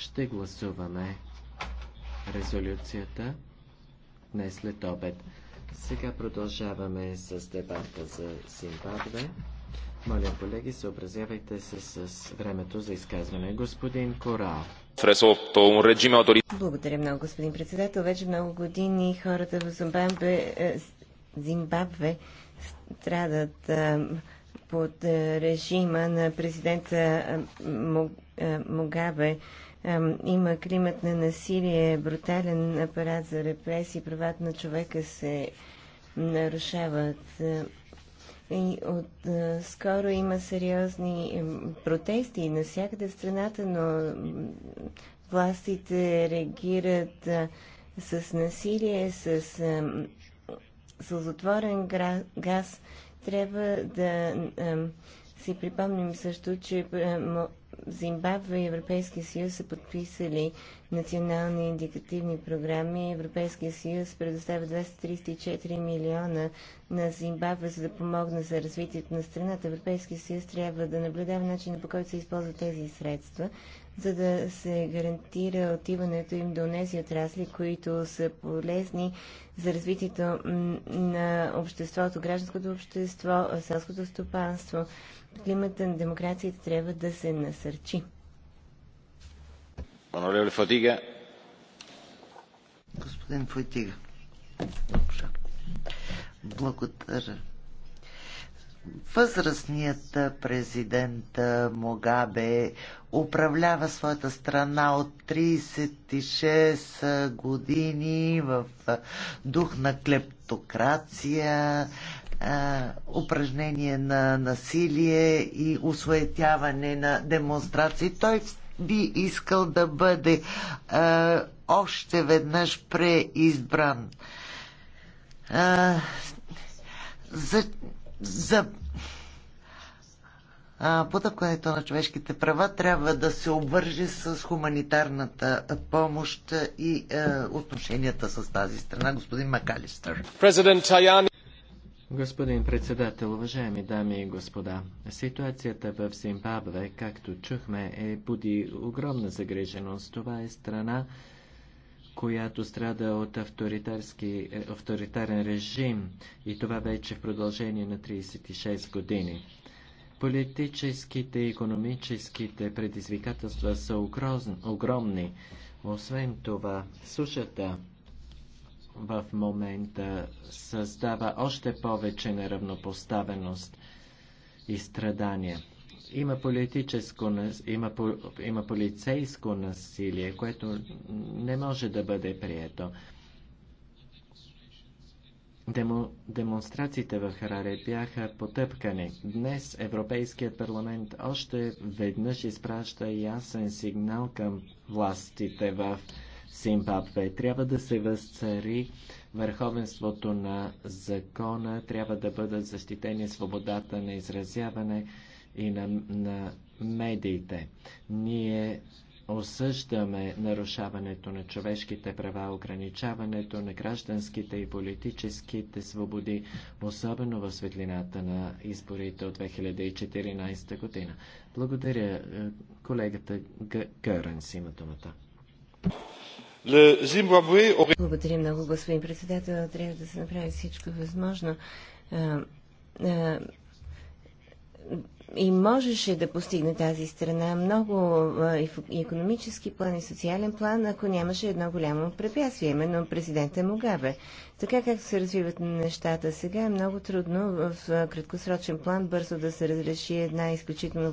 ще гласуваме резолюцията днес след обед. Сега продължаваме с дебата за Зимбабве. Моля, колеги, съобразявайте се с времето за изказване. Господин Корал. Благодаря много, господин председател. Вече много години хората в Зимбабве, е, Зимбабве страдат е, под режима на президента е, Могабе. Мог има климат на насилие, брутален апарат за репресии, правата на човека се нарушават. Е, и от, а, скоро има сериозни протести навсякъде в страната, но властите реагират а, с насилие, с а, сълзотворен газ. Трябва да а, си припомним също, че Зимбабве и Европейския съюз са подписали национални индикативни програми. Европейския съюз предоставя 234 милиона на Зимбабве, за да помогне за развитието на страната. Европейския съюз трябва да наблюдава начина по който се използват тези средства, за да се гарантира отиването им до тези отрасли, които са полезни за развитието на обществото, гражданското общество, селското стопанство климата на демокрацията трябва да се насърчи. Господин Фойтига. Благодаря. Възрастният президент Могабе управлява своята страна от 36 години в дух на клептокрация, упражнение на насилие и осуетяване на демонстрации. Той би искал да бъде а, още веднъж преизбран. А, за за потъпкането на човешките права трябва да се обвърже с хуманитарната помощ и а, отношенията с тази страна, господин Макалистър. Президент Таяни Господин председател, уважаеми дами и господа, ситуацията в Зимбабве, както чухме, е буди огромна загриженост. Това е страна, която страда от е, авторитарен режим и това вече в продължение на 36 години. Политическите и економическите предизвикателства са огромни. Освен това, сушата в момента създава още повече неравнопоставеност и страдания. Има политическо, има, има полицейско насилие, което не може да бъде прието. Демо, демонстрациите в Хараре бяха потъпкани. Днес Европейският парламент още веднъж изпраща ясен сигнал към властите в Зимбабве. Трябва да се възцари върховенството на закона, трябва да бъдат защитени свободата на изразяване и на, на медиите. Ние осъждаме нарушаването на човешките права, ограничаването на гражданските и политическите свободи, особено в светлината на изборите от 2014 година. Благодаря. Колегата Гърънс има думата. Благодаря много, господин председател. Трябва да се направи всичко възможно и можеше да постигне тази страна много и в економически план и социален план, ако нямаше едно голямо препятствие, именно президента Мугабе. Така както се развиват нещата сега, е много трудно в краткосрочен план бързо да се разреши една изключително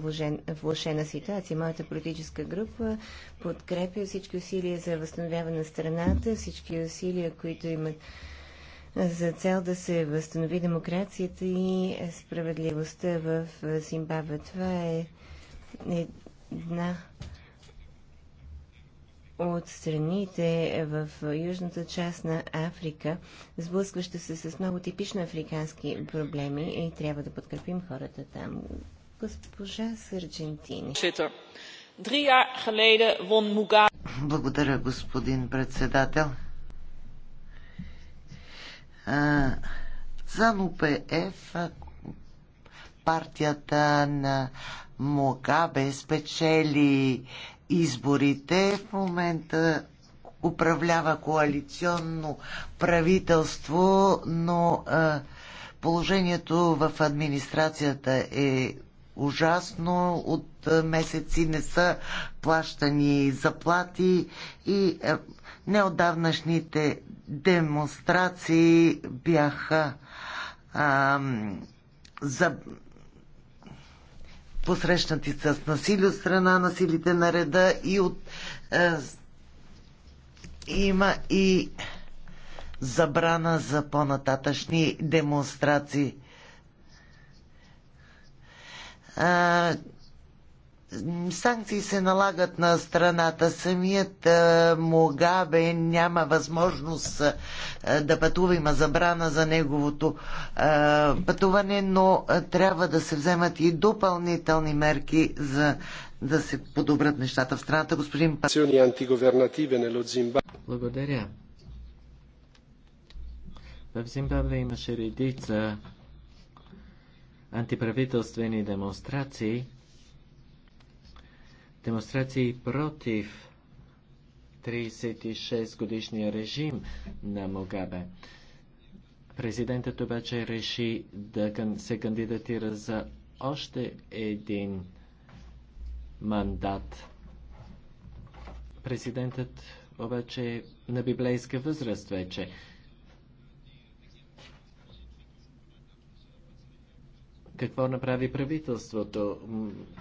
влошена ситуация. Моята политическа група подкрепя всички усилия за възстановяване на страната, всички усилия, които имат за цел да се възстанови демокрацията и справедливостта в Зимбабве. Това е една от страните в южната част на Африка, сблъскваща се с много типично африкански проблеми и трябва да подкрепим хората там. Госпожа Сърджентини. Благодаря, господин председател за партията на Могабе спечели изборите. В момента управлява коалиционно правителство, но положението в администрацията е ужасно. От месеци не са плащани заплати и е, неодавнашните демонстрации бяха ам, за посрещнати с насилие от страна на силите на реда и от е, има и забрана за по-нататъчни демонстрации санкции се налагат на страната. Самият Могабе няма възможност да пътува, има забрана за неговото пътуване, но трябва да се вземат и допълнителни мерки за да се подобрят нещата в страната. Господин е Благодаря. В Зимбабве имаше редица антиправителствени демонстрации, демонстрации против 36-годишния режим на Могабе. Президентът обаче реши да се кандидатира за още един мандат. Президентът обаче е на библейска възраст вече. Какво направи правителството?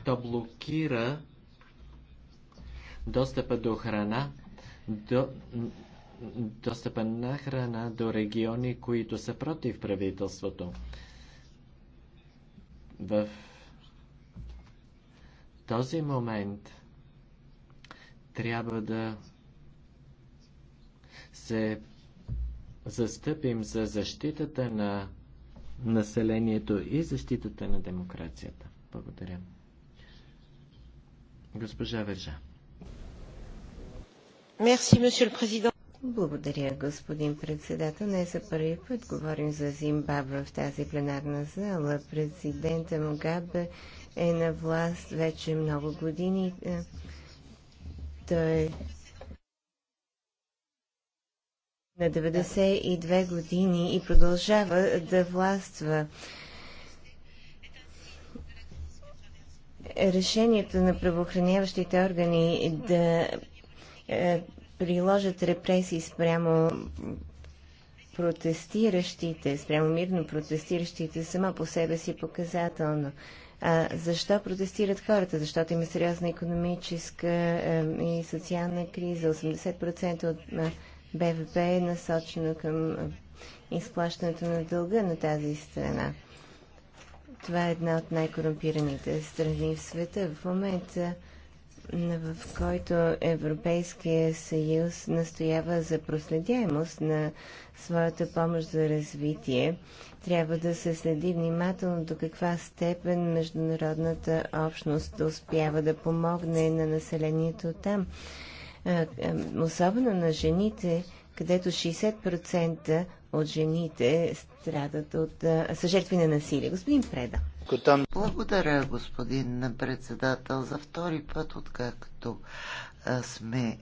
То блокира достъпа до храна, до, достъпа на храна до региони, които са против правителството. В този момент трябва да се застъпим за защитата на населението и защитата на демокрацията. Благодаря. Госпожа Вержа. Мерси, месье президент. Благодаря, господин председател. Не за първи път говорим за Зимбабве в тази пленарна зала. Президента Мугабе е на власт вече много години. Той на 92 години и продължава да властва. Решението на правоохраняващите органи да е, приложат репресии спрямо протестиращите, спрямо мирно протестиращите, само по себе си показателно. А защо протестират хората? Защото има сериозна економическа е, и социална криза. 80% от е, БВП е насочено към изплащането на дълга на тази страна. Това е една от най-корумпираните страни в света. В момента, в който Европейския съюз настоява за проследяемост на своята помощ за развитие, трябва да се следи внимателно до каква степен международната общност успява да помогне на населението там. Е, е, особено на жените, където 60% от жените страдат от, е, съжертви на насилие. Господин Преда. Благодаря, господин председател. За втори път, откакто сме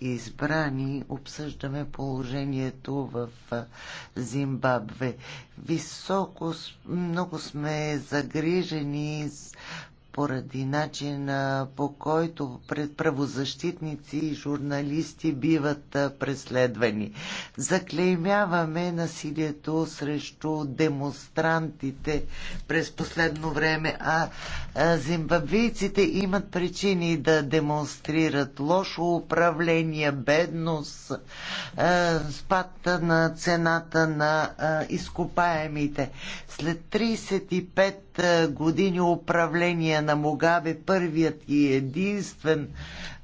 избрани, обсъждаме положението в Зимбабве. Високо, много сме загрижени поради начина по който правозащитници и журналисти биват преследвани. Заклеймяваме насилието срещу демонстрантите през последно време, а зимбабвийците имат причини да демонстрират лошо управление, бедност, спад на цената на изкопаемите. След 35 години управление на Могаве, първият и единствен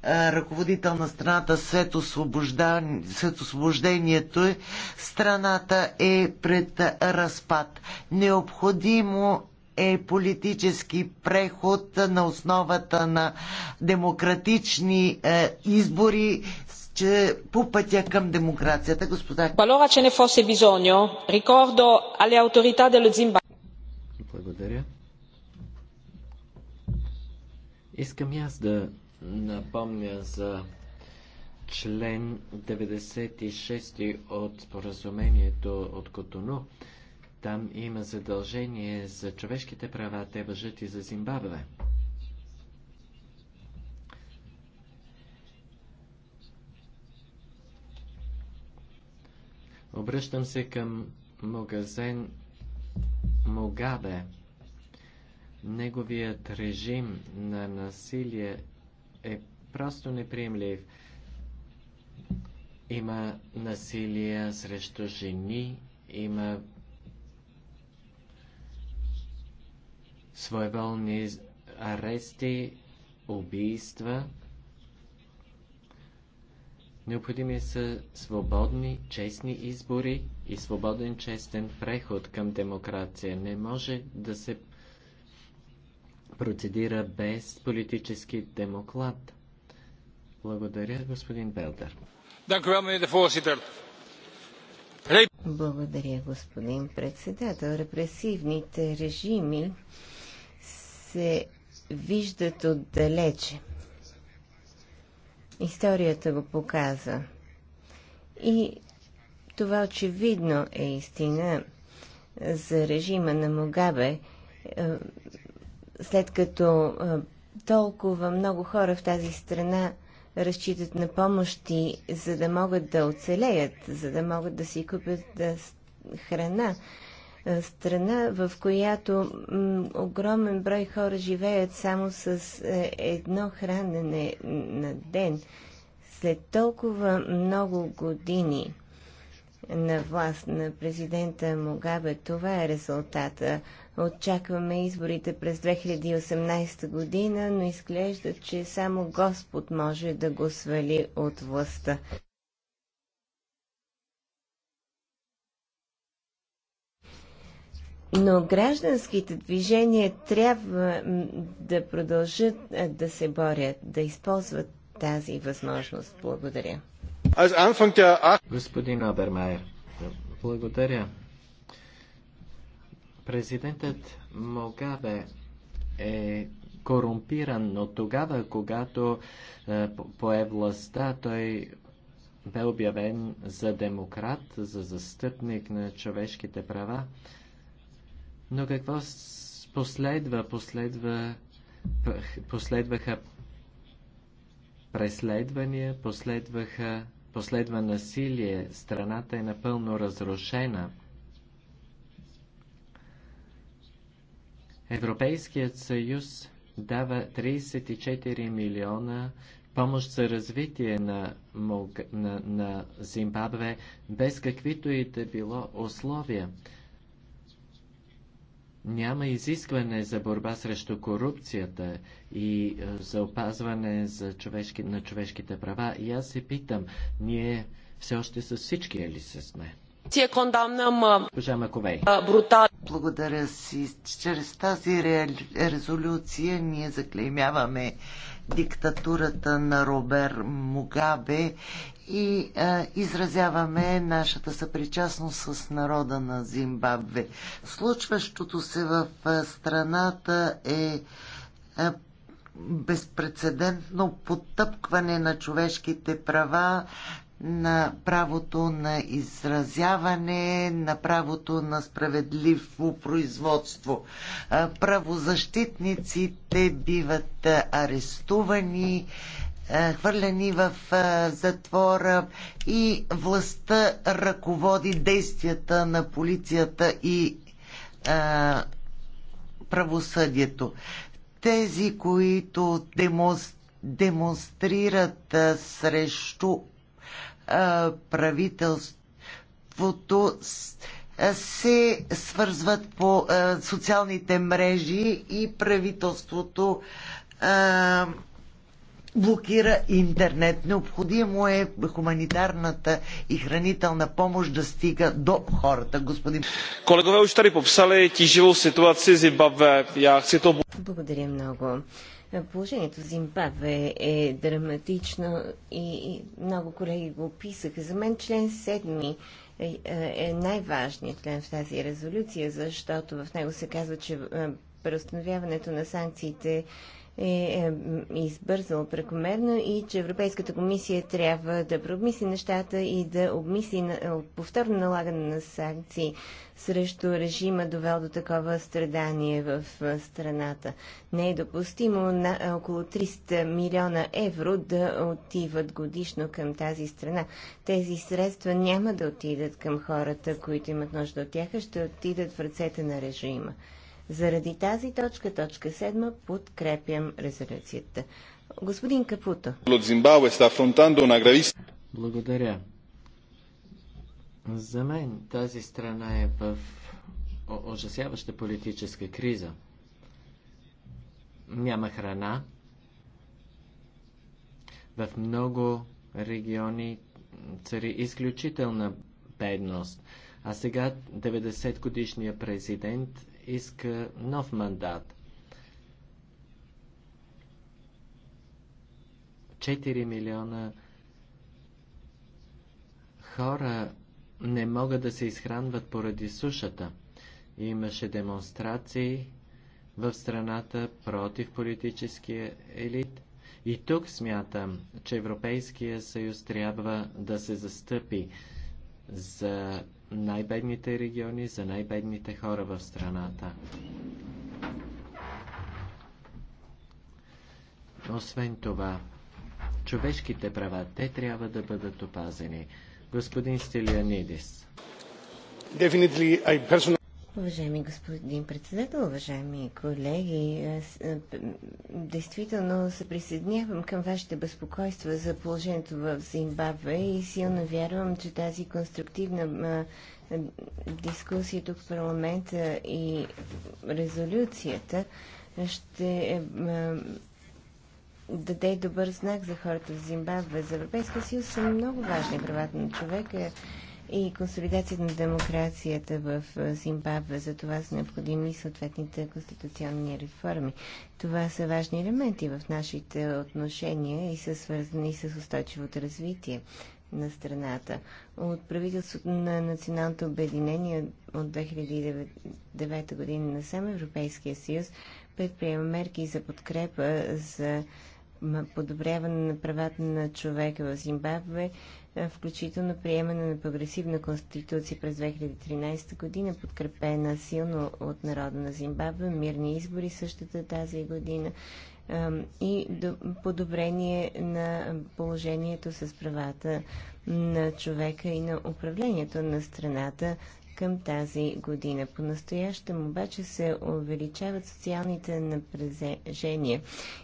а, ръководител на страната след, освобождан... след освобождението, е, страната е пред разпад. Необходимо е политически преход на основата на демократични е, избори че по пътя към демокрацията, господа. Qualora че не фосе bisogno, рекордо але autorità dello Zimbabwe. Благодаря. Искам и аз да напомня за член 96 от споразумението от Котону. Там има задължение за човешките права, те въжат и за Зимбабве. Обръщам се към магазин Могабе. Неговият режим на насилие е просто неприемлив. Има насилие срещу жени, има своеволни арести, убийства. Необходими са свободни, честни избори и свободен, честен преход към демокрация. Не може да се процедира без политически демоклад. Благодаря, господин Белдър. Благодаря, господин председател. Репресивните режими се виждат отдалече. Историята го показа. И това очевидно е истина за режима на Могабе е, след като толкова много хора в тази страна разчитат на помощи, за да могат да оцелеят, за да могат да си купят храна. Страна, в която огромен брой хора живеят само с е, едно хранене на ден. След толкова много години на власт на президента Могабе. Това е резултата. Очакваме изборите през 2018 година, но изглежда, че само Господ може да го свали от властта. Но гражданските движения трябва да продължат да се борят, да използват тази възможност. Благодаря. Господин Обермайер, благодаря. Президентът Могабе е корумпиран, но тогава, когато е, пое властта, той бе обявен за демократ, за застъпник на човешките права. Но какво последва? Последва, последваха преследвания, последваха, последва насилие, страната е напълно разрушена. Европейският съюз дава 34 милиона помощ за развитие на, на, на Зимбабве без каквито и да било условия няма изискване за борба срещу корупцията и е, за опазване за човешки, на човешките права. И аз се питам, ние все още с всички е ли се сме? Е, Благодаря си. Чрез тази резолюция ние заклеймяваме диктатурата на Робер Мугабе и а, е, изразяваме нашата съпричастност с народа на Зимбабве. Случващото се в е, страната е, е безпредседентно потъпкване на човешките права, на правото на изразяване, на правото на справедливо производство. Правозащитниците биват арестувани, хвърлени в затвора и властта ръководи действията на полицията и правосъдието. Тези, които демонстрират демонстрират срещу правителството се свързват по социалните мрежи и правителството блокира интернет. Необходимо е хуманитарната и хранителна помощ да стига до хората, господин. Колегове, още попсали е теживу ситуация в Зимбабве. Благодаря много. Положението в Зимбабве е драматично и много колеги го описаха. За мен член 7 е, е, е най-важният член в тази резолюция, защото в него се казва, че е, преустановяването на санкциите е, е, е избързало прекомерно и че Европейската комисия трябва да промисли нещата и да обмисли е, повторно налагане на санкции срещу режима, довел до такова страдание в страната. Не е допустимо на около 300 милиона евро да отиват годишно към тази страна. Тези средства няма да отидат към хората, които имат нужда от тях, а ще отидат в ръцете на режима. Заради тази точка, точка 7, подкрепям резолюцията. Господин Капуто. Благодаря. За мен тази страна е в ужасяваща политическа криза. Няма храна. В много региони цари изключителна бедност. А сега 90 годишният президент иска нов мандат. 4 милиона хора не могат да се изхранват поради сушата. Имаше демонстрации в страната против политическия елит. И тук смятам, че Европейския съюз трябва да се застъпи за най-бедните региони, за най-бедните хора в страната. Освен това, човешките права, те трябва да бъдат опазени. Господин Стилианидис. Personally... Уважаеми господин председател, уважаеми колеги, аз, действително се присъединявам към вашите безпокойства за положението в Зимбабве и силно вярвам, че тази конструктивна дискусия тук в парламента и резолюцията ще даде добър знак за хората в Зимбабве. За Европейския съюз са много важни правата на човека и консолидацията на демокрацията в Зимбабве. За това са необходими съответните конституционни реформи. Това са важни елементи в нашите отношения и са свързани с устойчивото развитие на страната. От правителството на Националното обединение от 2009 година на сам Европейския съюз предприема мерки за подкрепа за подобряване на правата на човека в Зимбабве е, включително приемане на прогресивна конституция през 2013 година, подкрепена силно от народа на Зимбабве, мирни избори същата тази година и подобрение на положението с правата на човека и на управлението на страната към тази година. По-настоящем обаче се увеличават социалните напрежения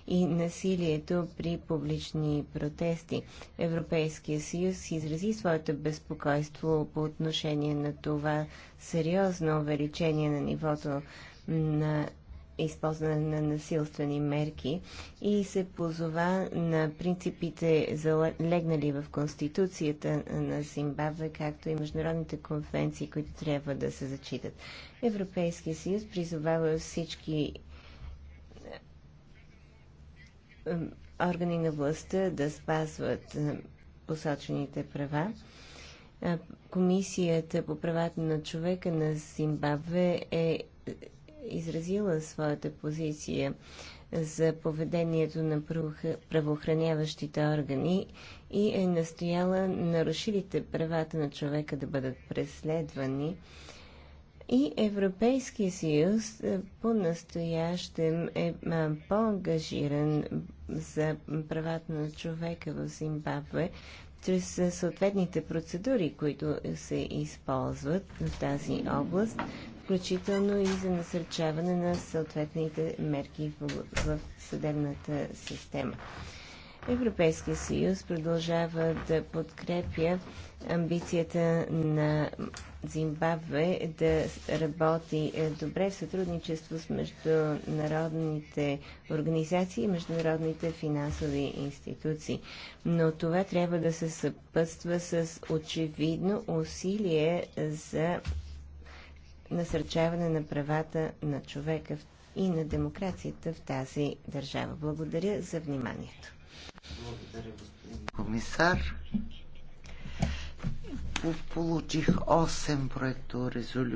и насилието при публични протести. Европейския съюз изрази своето безпокойство по отношение на това сериозно увеличение на нивото на използване на насилствени мерки и се позова на принципите залегнали в Конституцията на Зимбабве, както и международните конвенции, които трябва да се зачитат. Европейския съюз призовава всички органи на властта да спазват посочените права. Комисията по правата на човека на Зимбабве е изразила своята позиция за поведението на правоохраняващите органи и е настояла нарушилите правата на човека да бъдат преследвани. И Европейския съюз е, по-настоящем е по-ангажиран за правата на човека в Зимбабве чрез е, съответните процедури, които се използват в тази област, включително и за насърчаване на съответните мерки в, в съдебната система. Европейския съюз продължава да подкрепя амбицията на Зимбабве да работи е, добре в сътрудничество с международните организации и международните финансови институции. Но това трябва да се съпътства с очевидно усилие за насърчаване на правата на човека и на демокрацията в тази държава. Благодаря за вниманието. Благодаря, господин комисар. Получих 8 проекто резолюции.